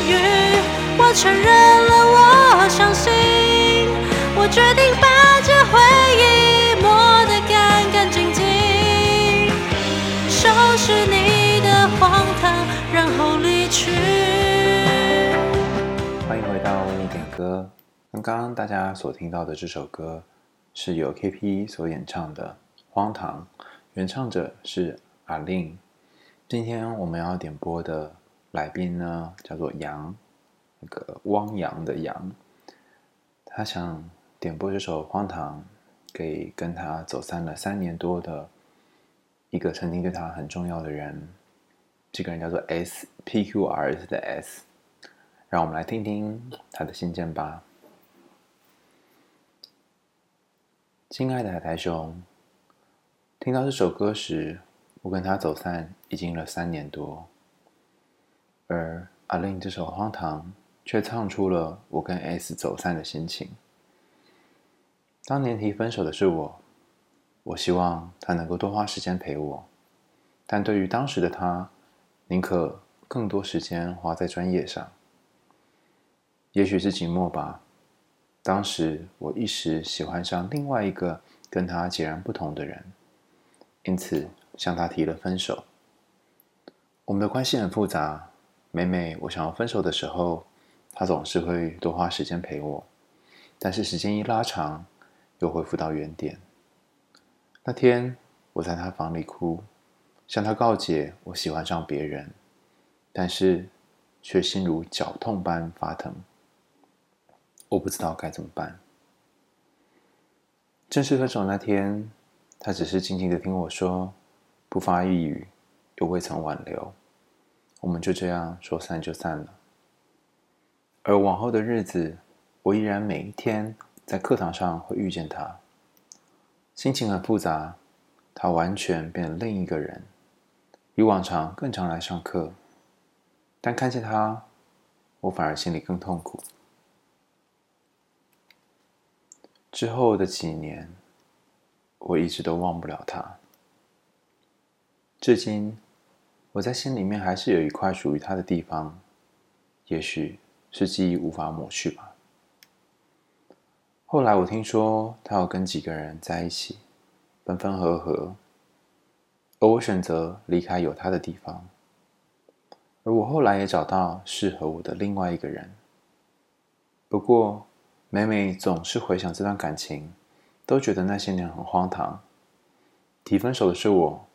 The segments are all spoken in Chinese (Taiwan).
我承認了，我相信，我決定把這回憶抹得乾乾淨淨，收拾你的荒唐，然後離去。歡迎回到為你點歌，剛剛大家所聽到的這首歌是由 KP 所演唱的荒唐，原唱者是 A-Lin，今天我們要點播的。來賓呢，叫做楊，那個汪洋的洋，他想點播這首《荒唐》，給跟他走散了三年多的一個曾經對他很重要的人。這個人叫做 S P Q R S 的 S，讓我們來聽聽他的信件吧。親愛的海苔熊，聽到這首歌時，我跟他走散已經了三年多。而 A-lin 這首《荒唐》卻唱出了我跟 S 走散的心情。當年提分手的是我，我希望他能夠多花時間陪我，但對於當時的他，寧可更多時間花在專業上。也許是寂寞吧，當時我一時喜歡上另外一個跟他截然不同的人，因此向他提了分手。我們的關係很複雜。每每我想要分手的時候，他總是會多花時間陪我，但是時間一拉長，又恢復到原點。那天我在他房裡哭，向他告解我喜歡上別人，但是卻心如絞痛般發疼，我不知道該怎麼辦。正式分手那天，他只是靜靜的聽我說，不發一語，又未曾挽留。我們就這樣說散就散了，而往後的日子，我依然每一天在課堂上會遇見他，心情很複雜，他完全變了另一個人，比往常更常來上課，但看見他，我反而心裡更痛苦。之後的幾年，我一直都忘不了他，至今。我在心裡面還是有一塊屬於他的地方，也許是記憶無法抹去吧。後來我聽說他有跟幾個人在一起，分分合合，而我選擇離開有他的地方。而我後來也找到適合我的另外一個人。不過，每每總是回想這段感情，都覺得那些年很荒唐。提分手的是我，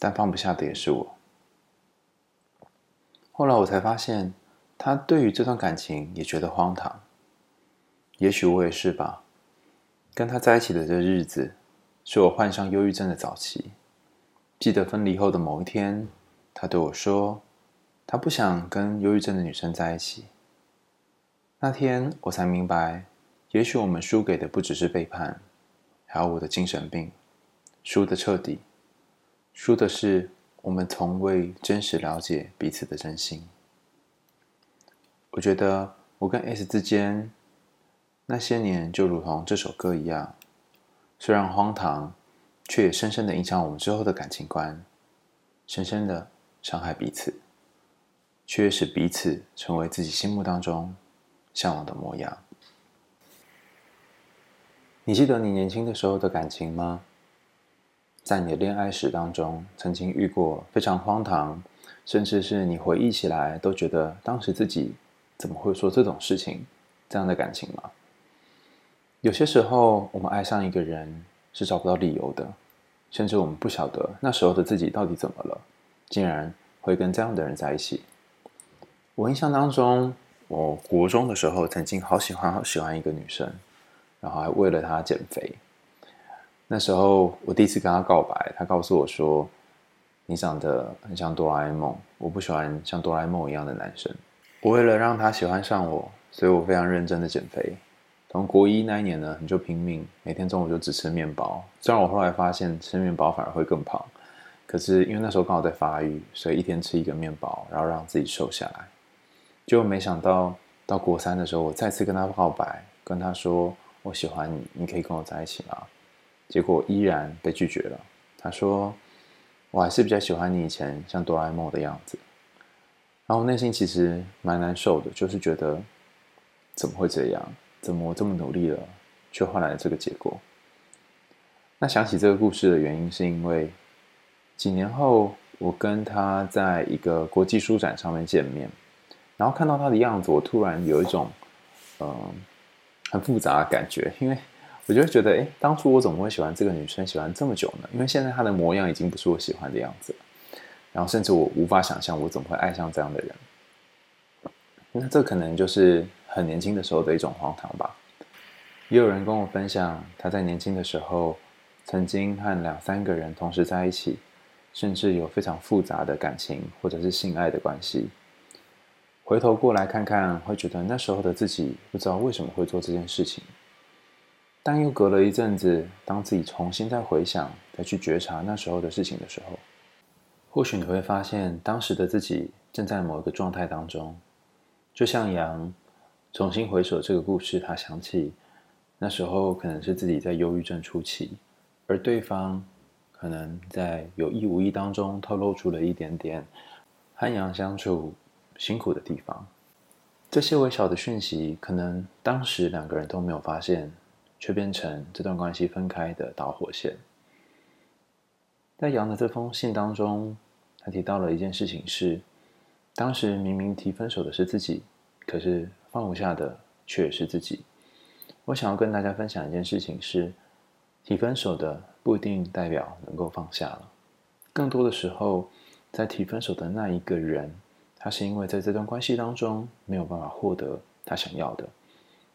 但放不下的也是我。後來我才發現，他對於這段感情也覺得荒唐。也許我也是吧。跟他在一起的這日子，是我患上憂鬱症的早期。記得分離後的某一天，他對我說，他不想跟憂鬱症的女生在一起。那天我才明白，也許我們輸給的不只是背叛，還有我的精神病，輸得徹底，輸的是。我們從未真實了解彼此的真心。我覺得我跟 S 之間那些年就如同這首歌一樣，雖然荒唐，卻也深深的影響我們之後的感情觀，深深的傷害彼此，卻使彼此成為自己心目當中向往的模樣。你記得你年輕的時候的感情嗎？在你的戀愛史當中，曾經遇過非常荒唐，甚至是你回憶起來都覺得當時自己怎麼會說這種事情，這樣的感情嗎？有些時候，我們愛上一個人是找不到理由的，甚至我們不曉得那時候的自己到底怎麼了，竟然會跟這樣的人在一起。我印象當中，我國中的時候曾經好喜歡好喜歡一個女生，然後還為了她減肥。那時候我第一次跟他告白，他告訴我說：“你長得很像哆啦 A 夢，我不喜歡像哆啦 A 夢一樣的男生。”我為了讓他喜歡上我，所以我非常認真的減肥。從國一那一年呢，你就拼命，每天中午就只吃麵包。雖然我後來發現吃麵包反而會更胖，可是因為那時候剛好在發育，所以一天吃一個麵包，然後讓自己瘦下來。結果沒想到到國三的時候，我再次跟他告白，跟他說：“我喜歡你，你可以跟我在一起嗎？”結果依然被拒絕了。他說：“我還是比較喜歡你以前像哆啦 A 夢的樣子。”然後內心其實蠻難受的，就是覺得怎麼會這樣？怎麼我這麼努力了，卻換來了這個結果？那想起這個故事的原因，是因為幾年後我跟他在一個國際書展上面見面，然後看到他的樣子，我突然有一種嗯、呃、很複雜的感覺，因為。我就會覺得，誒，當初我怎麼會喜歡這個女生，喜歡這麼久呢？因為現在她的模樣已經不是我喜歡的樣子了，然後甚至我無法想象我怎麼會愛上這樣的人。那這可能就是很年輕的時候的一種荒唐吧。也有人跟我分享，他在年輕的時候曾經和兩三個人同時在一起，甚至有非常複雜的感情或者是性愛的關係。回頭過來看看，會覺得那時候的自己不知道為什麼會做這件事情。但又隔了一陣子，當自己重新再回想、再去覺察那時候的事情的時候，或許你會發現，當時的自己正在某一個狀態當中。就像楊，重新回首這個故事，他想起那時候可能是自己在憂鬱症初期，而對方可能在有意無意當中透露出了一點點和楊相處辛苦的地方。這些微小的訊息，可能當時兩個人都沒有發現。卻變成這段關係分開的導火線。在楊的這封信當中，他提到了一件事情是：是當時明明提分手的是自己，可是放不下的卻是自己。我想要跟大家分享一件事情是：是提分手的不一定代表能夠放下了，更多的時候，在提分手的那一個人，他是因為在這段關係當中沒有辦法獲得他想要的，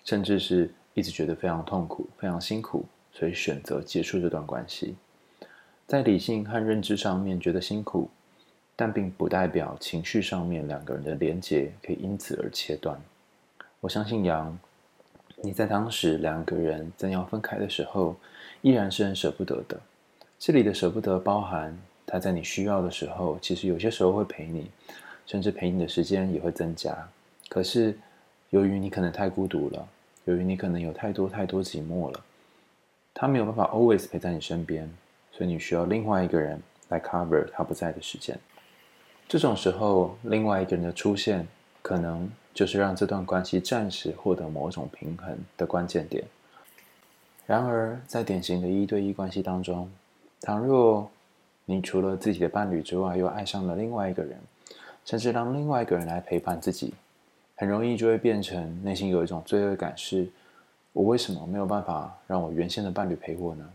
甚至是。一直覺得非常痛苦，非常辛苦，所以選擇結束這段關係。在理性和認知上面覺得辛苦，但並不代表情緒上面兩個人的連結可以因此而切斷。我相信楊，你在當時兩個人正要分開的時候，依然是很捨不得的。這裡的捨不得包含他在你需要的時候，其實有些時候會陪你，甚至陪你的時間也會增加。可是由於你可能太孤獨了。由於你可能有太多太多寂寞了，他沒有辦法 always 陪在你身邊，所以你需要另外一個人來 cover 他不在的時間。這種時候，另外一個人的出現，可能就是讓這段關係暫時獲得某種平衡的關鍵點。然而，在典型的一對一關係當中，倘若你除了自己的伴侶之外，又愛上了另外一個人，甚至讓另外一個人來陪伴自己。很容易就會變成內心有一種罪惡感，是我為什麼沒有辦法讓我原先的伴侶陪我呢？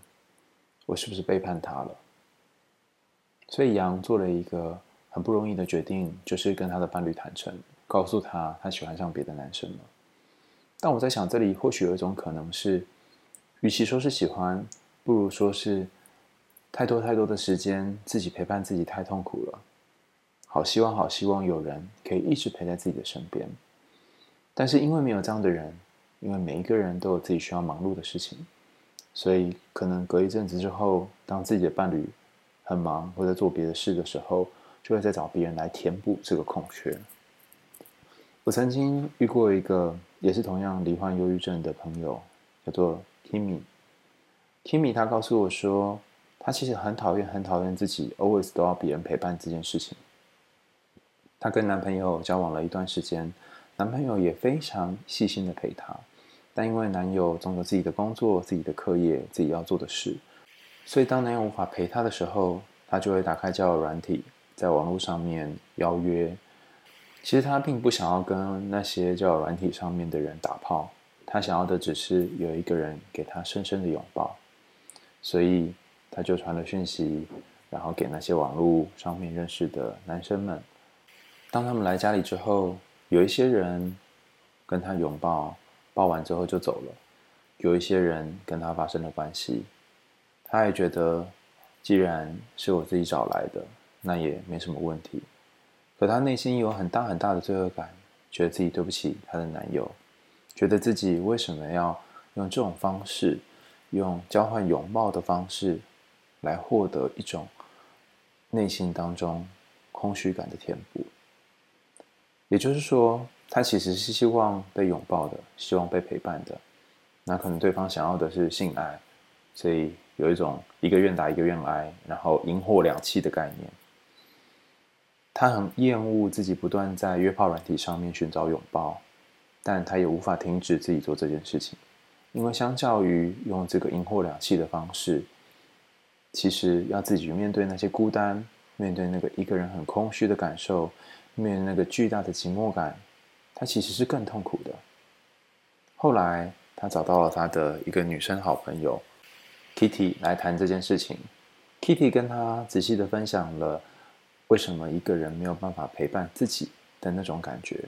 我是不是背叛他了？所以楊做了一個很不容易的決定，就是跟他的伴侶坦誠，告訴他他喜歡上別的男生了。但我在想，這裡或許有一種可能是，與其說是喜歡，不如說是太多太多的時間，自己陪伴自己太痛苦了。好希望，好希望有人可以一直陪在自己的身邊。但是因為沒有這樣的人，因為每一個人都有自己需要忙碌的事情，所以可能隔一陣子之後，當自己的伴侶很忙或者做別的事的時候，就會再找別人來填補這個空缺。我曾經遇過一個也是同樣罹患憂鬱症的朋友，叫做 Kimmy。Kimmy 她告訴我說，她其實很討厭、很討厭自己，always 都要別人陪伴這件事情。她跟男朋友交往了一段時間。男朋友也非常細心的陪她，但因為男友總有自己的工作、自己的課業、自己要做的事，所以當男友無法陪她的時候，她就會打開交友軟體，在網絡上面邀約。其實她並不想要跟那些交友軟體上面的人打炮，她想要的只是有一個人給她深深的擁抱，所以她就傳了訊息，然後給那些網絡上面認識的男生們。當他們來家裡之後，有一些人跟他擁抱，抱，抱完之後就走了；有一些人跟他發生了關係，他也覺得，既然是我自己找來的，那也沒什麼問題。可他內心有很大很大的罪惡感，覺得自己對不起他的男友，覺得自己為什麼要用這種方式，用交換擁抱的方式，來獲得一種內心當中空虛感的填補。也就是說，他其實是希望被擁抱的，希望被陪伴的。那可能對方想要的是性愛，所以有一種一個願打一個願挨，然後銀貨兩訖的概念。他很厭惡自己不斷在約炮軟體上面尋找擁抱，但他也無法停止自己做這件事情，因為相較於用這個銀貨兩訖的方式，其實要自己面對那些孤單，面對那個一個人很空虛的感受。面那個巨大的寂寞感，他其實是更痛苦的。後來，他找到了他的一個女生好朋友，Kitty 來談這件事情。Kitty 跟他仔細的分享了為什麼一個人沒有辦法陪伴自己的那種感覺。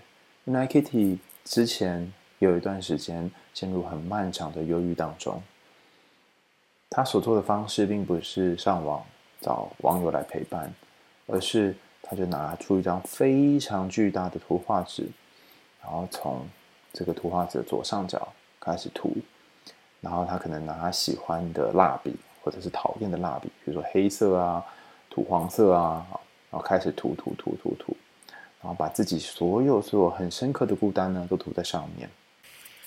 原來，Kitty 之前有一段時間陷入很漫長的憂鬱當中。他所做的方式並不是上網找網友來陪伴，而是。他就拿出一張非常巨大的圖畫紙，然後從這個圖畫紙的左上角開始塗，然後他可能拿喜歡的蠟筆，或者是討厭的蠟筆，比如說黑色啊、土黃色啊，然後開始塗塗塗塗塗塗，然後把自己所有所有很深刻的孤單呢都塗在上面。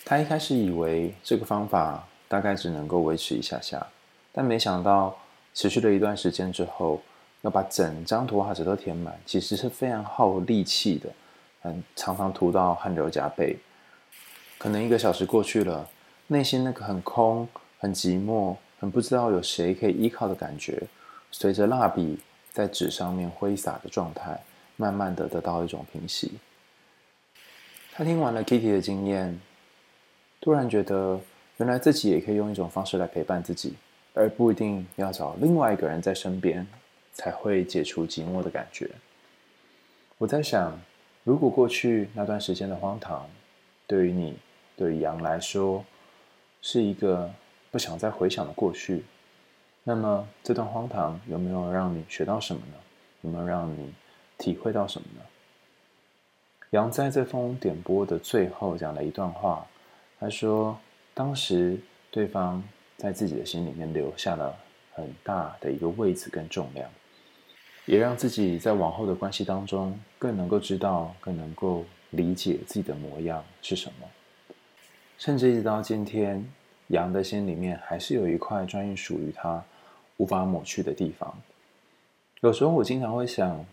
他一開始以為這個方法大概只能夠維持一下下，但沒想到持續了一段時間之後，要把整張圖畫紙都填滿，其實是非常耗力氣的，很常常塗到汗流浹背。可能一個小時過去了，內心那個很空、很寂寞、很不知道有誰可以依靠的感覺，隨着蠟筆在紙上面揮灑的狀態，慢慢的得到一種平息。他聽完了 Kitty 的經驗，突然覺得，原來自己也可以用一種方式來陪伴自己，而不一定要找另外一個人在身邊。才會解除寂寞的感覺。我在想，如果過去那段時間的荒唐，對於你，對於楊來說，是一個不想再回想的過去，那麼這段荒唐有沒有讓你學到什麼呢？有沒有讓你體會到什麼呢？楊在這封點播的最後講了一段話，他說：“當時對方在自己的心裡面留下了很大的一個位置跟重量。”也讓自己在往後的關係當中更能夠知道、更能夠理解自己的模樣是什麼。甚至一直到今天，羊的心裡面還是有一塊專屬於他、無法抹去的地方。有時候我經常會想，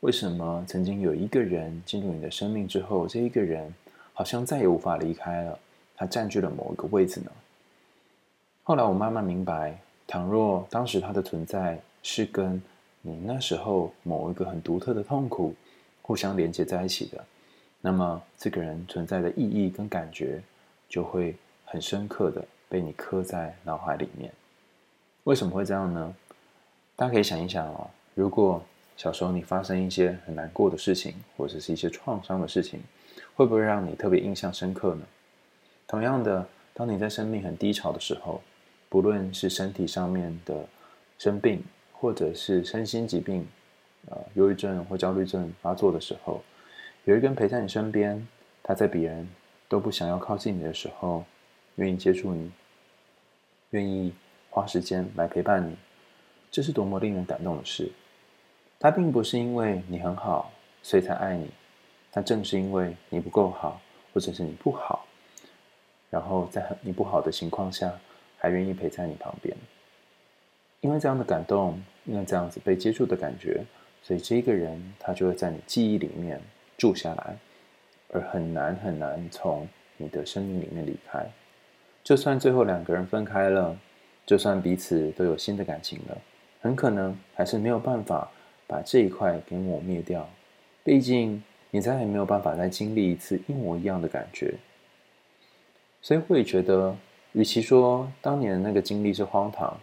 為什麼曾經有一個人進入你的生命之後，這一個人好像再也無法離開了？他佔據了某一個位置呢？後來我慢慢明白，倘若當時他的存在是跟……你那時候某一個很獨特的痛苦，互相連接在一起的，那麼這個人存在的意義跟感覺，就會很深刻的被你刻在腦海裡面。為什麼會這樣呢？大家可以想一想哦，如果小時候你發生一些很難過的事情，或者是一些創傷的事情，會不會讓你特別印象深刻呢？同樣的，當你在生命很低潮的時候，不論是身體上面的生病，或者是身心疾病，呃，憂鬱症或焦慮症發作的時候，有一個人陪在你身邊，他在別人都不想要靠近你的時候，願意接觸你，願意花時間來陪伴你，這是多麼令人感動的事。他並不是因為你很好，所以才愛你，他正是因為你不夠好，或者是你不好，然後在很你不好的情況下還願意陪在你旁邊。因為這樣的感動，因為這樣子被接觸的感覺，所以這一個人他就會在你記憶裡面住下來，而很難很難從你的生命裡面離開。就算最後兩個人分開了，就算彼此都有新的感情了，很可能還是沒有辦法把這一塊給抹滅掉。畢竟你再也沒有辦法再經歷一次一模一樣的感覺。所以會覺得，與其說當年的那個經歷是荒唐，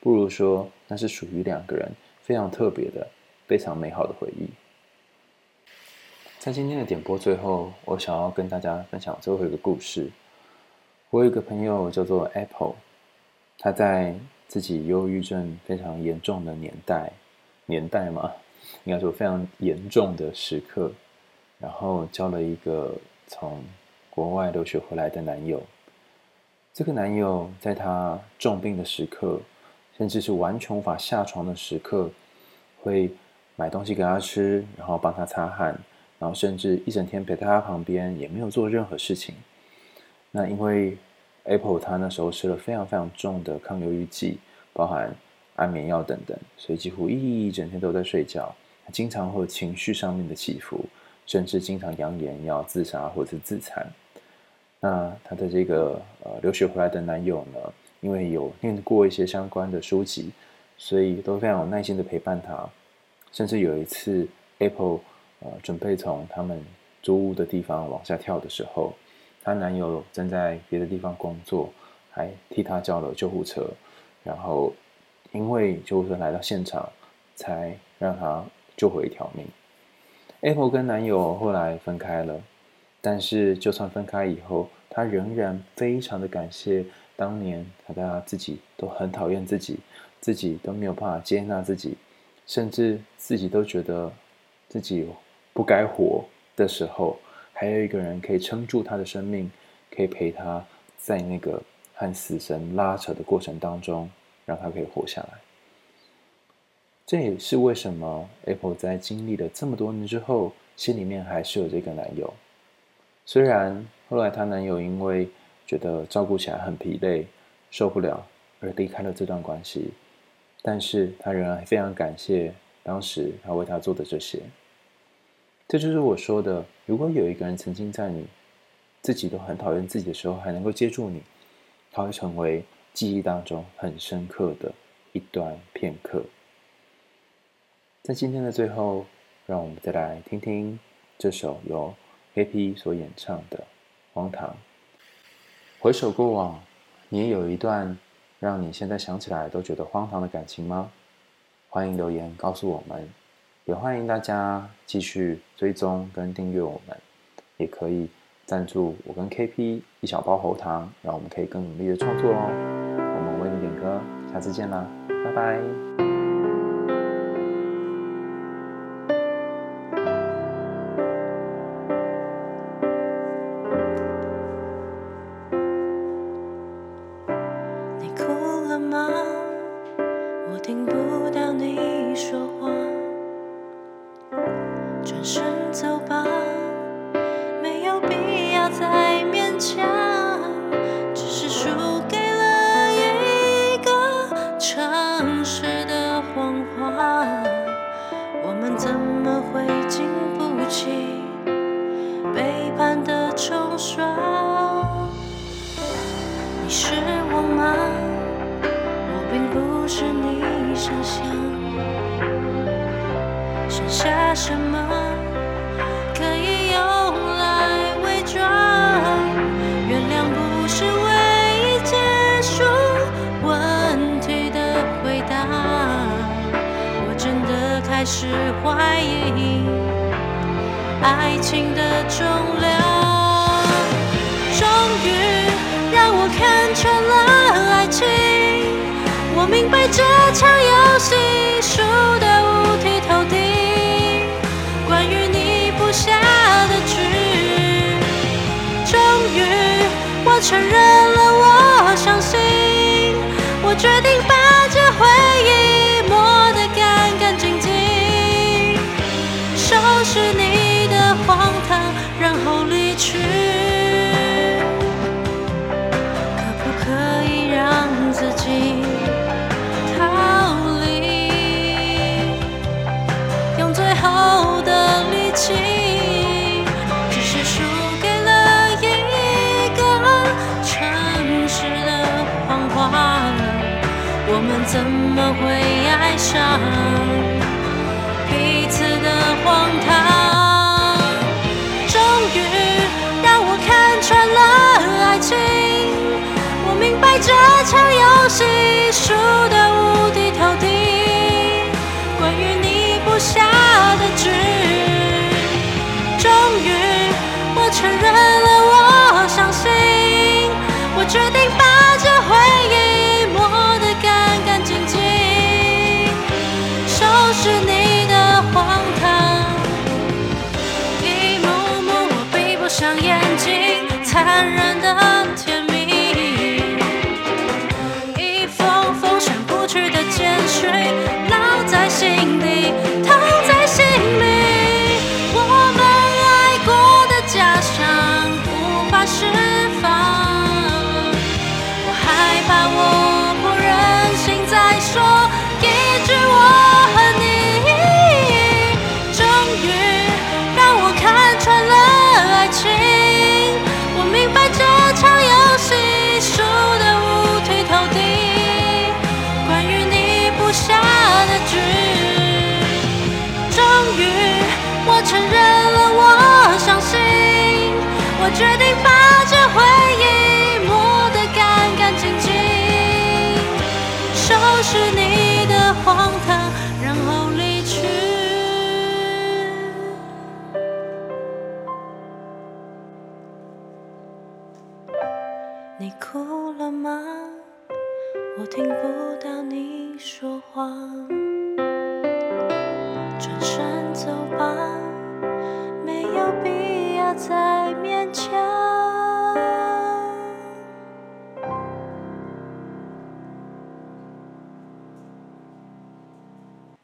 不如說，那是屬於兩個人非常特別的、非常美好的回憶。在今天的點播最後，我想要跟大家分享最後一個故事。我有一個朋友叫做 Apple，他在自己憂鬱症非常嚴重的年代，年代嘛，應該說非常嚴重的時刻，然後交了一個從國外留學回來的男友。這個男友在她重病的時刻，甚至是完全無法下床的時刻，會買東西給他吃，然後幫他擦汗，然後甚至一整天陪在他旁邊，也沒有做任何事情。那因為 Apple 他那時候吃了非常非常重的抗憂鬱劑，包含安眠藥等等，所以幾乎一整天都在睡覺，他經常會情緒上面的起伏，甚至經常揚言要自殺或者是自殘。那他的這個呃、留學回來的男友呢？因為有念過一些相關的書籍，所以都非常有耐心的陪伴他。甚至有一次，Apple，呃，準備從他們租屋的地方往下跳的時候，她男友正在別的地方工作，還替她叫了救護車。然後因為救護車來到現場，才讓她救回一條命。Apple 跟男友後來分開了，但是就算分開以後，她仍然非常的感謝。當年，他他自己都很討厭自己，自己都沒有辦法接納自己，甚至自己都覺得自己不該活的時候，還有一個人可以撐住他的生命，可以陪他在那個和死神拉扯的過程當中，讓他可以活下來。這也是為什麼 Apple 在經歷了這麼多年之後，心裡面還是有這個男友。雖然後來她男友因為，覺得照顧起來很疲累，受不了，而離開了這段關係。但是他仍然非常感謝當時他為他做的這些。這就是我說的：如果有一個人曾經在你自己都很討厭自己的時候還能夠接住你，他會成為記憶當中很深刻的一段片刻。在今天的最後，讓我們再來聽聽這首由 KP 所演唱的《荒唐》。回首過往，哦，你也有一段讓你現在想起來都覺得荒唐的感情嗎？歡迎留言告訴我們，也歡迎大家繼續追蹤跟訂閱我們，也可以贊助我跟 KP 一小包喉糖，讓我們可以更努力的創作哦。我們為你點歌，下次見啦，拜拜。怕什麼可以用來偽裝？原諒不是唯一結束問題的回答。我真的開始懷疑愛情的重量。終於讓我看穿了愛情，我明白這場遊戲輸承認。我會愛上彼此的荒唐，終於讓我看穿了愛情。我明白這場遊戲。決定吧。